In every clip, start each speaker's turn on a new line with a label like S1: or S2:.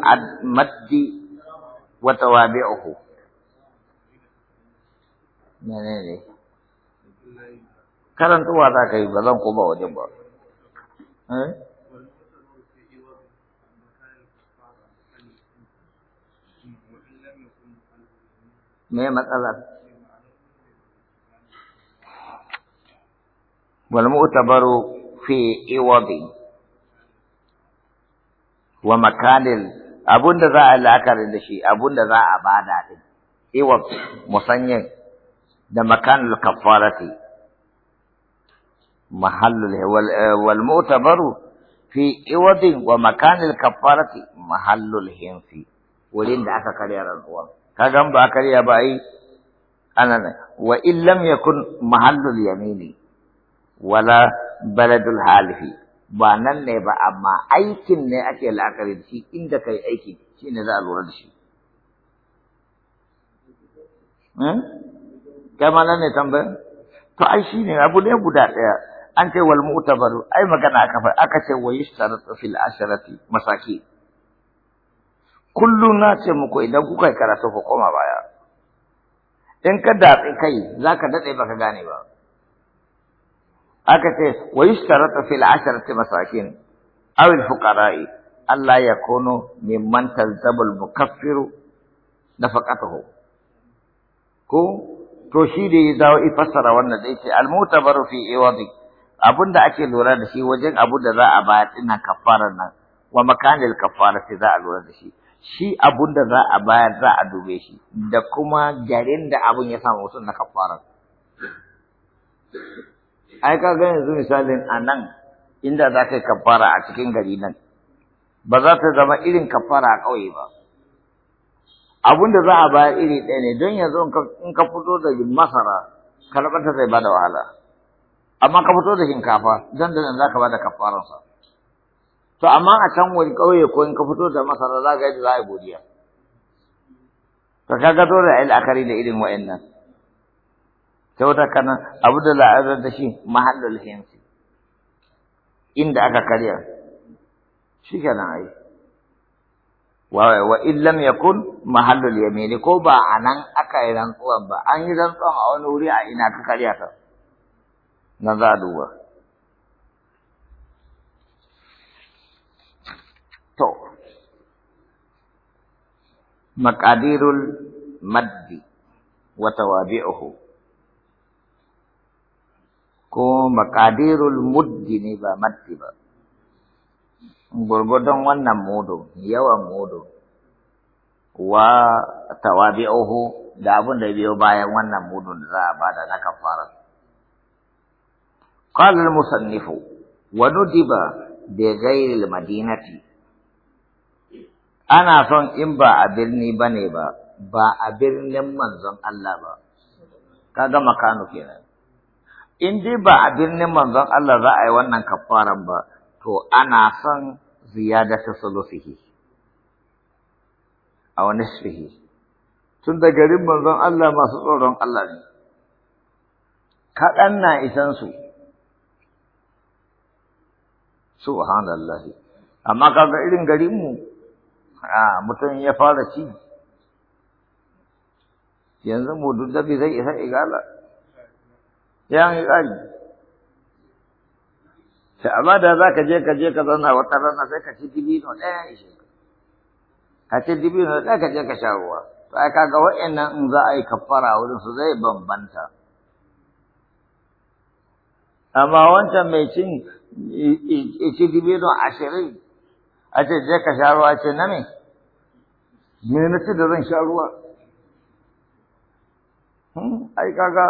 S1: المد وتوابعه menene karantuwa za ka yi ba zan ba eh? me matsalar fi wa makanil abun da za a la'akari da shi abun da za a bada din iwa musanyin da makan al-kaffarati mahallul wal mu'tabaru fi iwadin wa makan makanil kafarati mahallul hinfi wurin da aka karya rantsuwa kaga ba karya ba yi أنا وإن لم يكن محل yamini wala baladul halifi ba nan ne ba amma aikin ne ake la'akari da shi inda kai aiki shi ne za a lura da shi hmm? kai nan ne tambayar to ai shi ne abu ne guda ɗaya an ce wal mu'tabaru ai magana aka fa aka ce wa yushtaratu fil asharati masaki kullum na ce muku idan kuka karatu ko koma baya in ka datsi kai zaka dade baka gane ba aka ce wa yushtarata fil asharati masakin aw al fuqara'i ya kono mimman tazabul al mukaffiru nafaqatuhu ko to shi da ya dawo ifassara wannan da yake al mutabaru fi iwadi abinda ake lura da shi wajen abu da za a bayar ina kafarar nan wa makanil sai za a lura da shi shi abun da za a bayar za a dube shi da kuma garin da abun ya samu mutum na kafarar ai ka ga yanzu misalin a nan inda za ka yi kafara a cikin gari nan ba za ta zama irin kafara a ƙauye ba abun da za a bayar iri ɗaya ne don yanzu in ka fito da masara karɓarta zai bada wahala amma ka fito da shinkafa dan da za ka bada kafaransa to amma a can wani ƙauye ko in ka fito da masara za ka yi da za a yi godiya to ga dole a yi da irin wa'annan saboda kana abu da la'azar da shi mahallul hinsi inda aka karya shi kenan ai wa illam yakun mahallul yamini ko ba anan aka yi rantsuwan ba an yi rantsuwan a wani wuri a ina ka karya ta na za a duba to maqadirul maddi wa tawabi'uhu ko makadirul muddi ne ba maddi ba gurgudun wannan mudu yawan mudu wa tawabi'uhu da abin da biyo bayan wannan mudun da za a bada na kafara Kalar al-musannifu wa nudiba bi madinati ana son in ba a birni bane ba ba a birnin manzon Allah ba kaga makano kenan in dai ba a birnin manzon Allah za a yi wannan kafaran ba to ana son ta ziyadatu a wani nisfihi tun da garin manzon Allah masu tsoron Allah ne kaɗan na isan su subhanallah amma kaga irin garinmu, a mutum ya fara ci yanzu mu duddabi zai isa igala ya yi tsari sai amma da za ka je ka je ka zana wata rana sai ka ci dibino ɗaya ishe ka ci dibino ɗaya ka je ka sha ruwa to ai kaga wa'annan in za a yi kafara wurin su zai bambanta amma wancan mai cin ci dibino ashirin a ce je ka sha ruwa ce na me me na ci da zan sha ruwa Hmm? ai kaga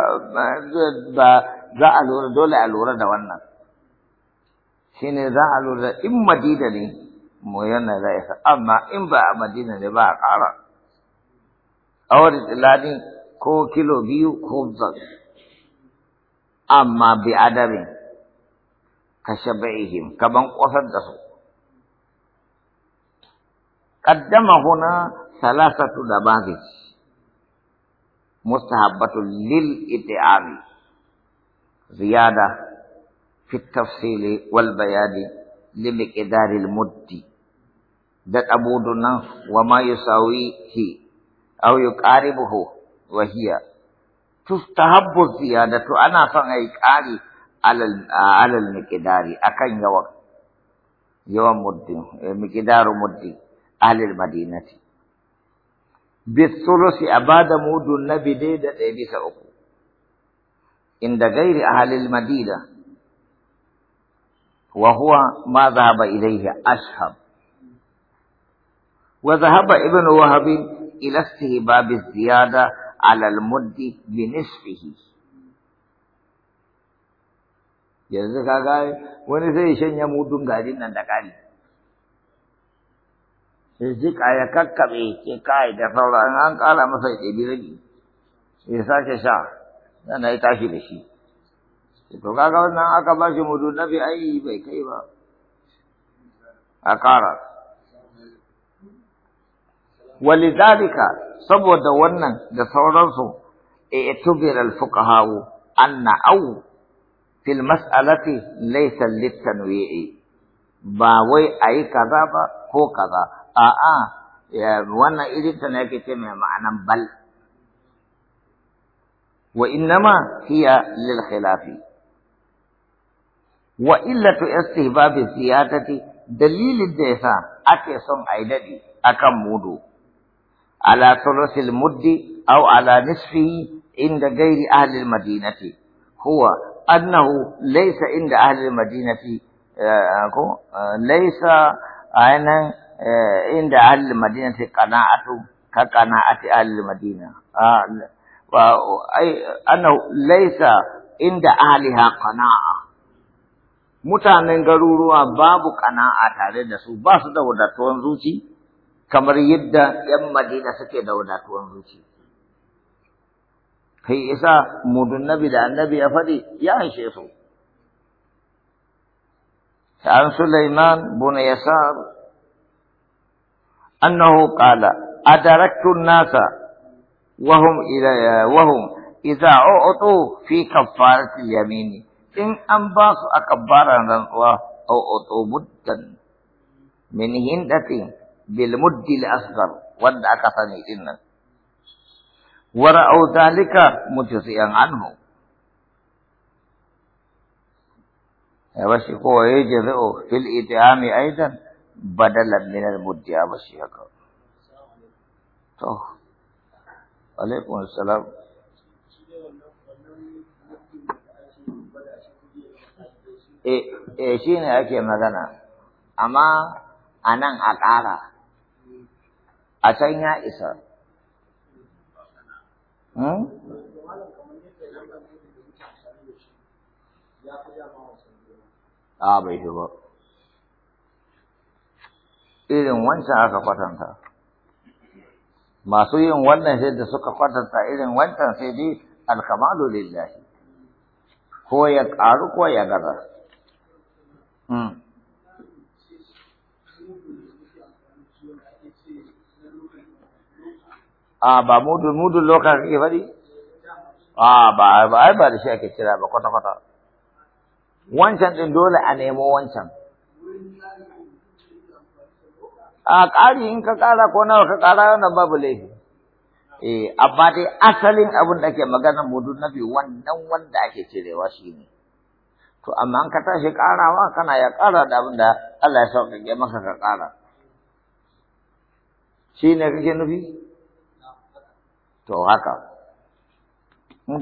S1: ba za a lura dole a lura da wannan shine za a lura da in madina ne mu yana da isa amma in ba a madina ne ba a kara a wani tsilani ko kilo biyu ko zan amma bi adamin ka ka ban kwasar da su huna هنا ثلاثة نماذج مستحبة للإطعام زيادة في التفصيل والبيان لمقدار المد دت أبودنا وما يساويه أو يقاربه وهي تستحب الزيادة أنا فأيقاري على المقدار أكن يوم يوم مد مقدار مد أهل المدينة بالثلث أباد مود النبي ديدة إبيس أكو عند غير أهل المدينة وهو ما ذهب إليه أشهب وذهب ابن وهب إلى استهباب الزيادة على المد بنصفه جزاك الله wani zai shanya mudun غادي نتكلم sai jika ya kakkaɓe ke kai da sauran an ƙara masa ya ɗebi rage ya sake sha yana ya tashi da shi to kaga wannan aka ba shi mudu nabi ai bai kai ba a ƙara walidalika saboda wannan da sauransu i'tubir al-fuqaha anna aw fil mas'alati laysa lit-tanwi'i ba wai ayi kaza ba ko kaza آآ وانا ايدي تنهكي تيمي معنى بل وإنما هي للخلاف وإلا استهباب السيادة دليل الدهسا أكي سم عيددي أكم مودو على ثلث المد أو على نصفه عند غير أهل المدينة هو أنه ليس عند أهل المدينة آه، آه، ليس أنا Eh, inda ahli madina ta qana'atu ka qana'ati ahli madina ah, wa ai laysa inda ahliha qana'a mutanen garuruwa babu qana'a tare da su ba su da wadatuwan zuci kamar yadda yan madina suke da wadatuwan zuci kai isa mudun nabi da annabi ya faɗi ya haishe su عن suleiman بن أنه قال أدركت الناس وهم إلى وهم إذا أعطوا في كفارة اليمين إن أنباس أكبارا أو أعطوا مدا من هندة بالمد الأصغر ود أكثني إن ورأوا ذلك مجزئا عنه يا بس يقول يجزئ في الإتعام أيضا badalan min al-muddi abashi haka to alaikum assalam eh eh shine ake magana amma a nan a ƙara a can ya isa hmm? a bai shi ba irin wancan aka kwatanta masu yin wannan sai da suka kwatanta irin wancan sai dai alkamalu lillahi ko ya ƙaru ko ya gaza hmm. a ba mudun mudun lokacin kake fadi a ba ai ba da shi ake kira ba kwata-kwata wancan din dole a nemo wancan a ƙari in ka ƙara ko nawa ka ƙara yana babu laifi eh amma dai asalin abin da ake magana mudu nafi wannan wanda ake cirewa shi ne to amma in ka tashi ƙarawa kana ya ƙara da abin da Allah ya sauƙaƙe maka ka ƙara shi ne kake nufi to haka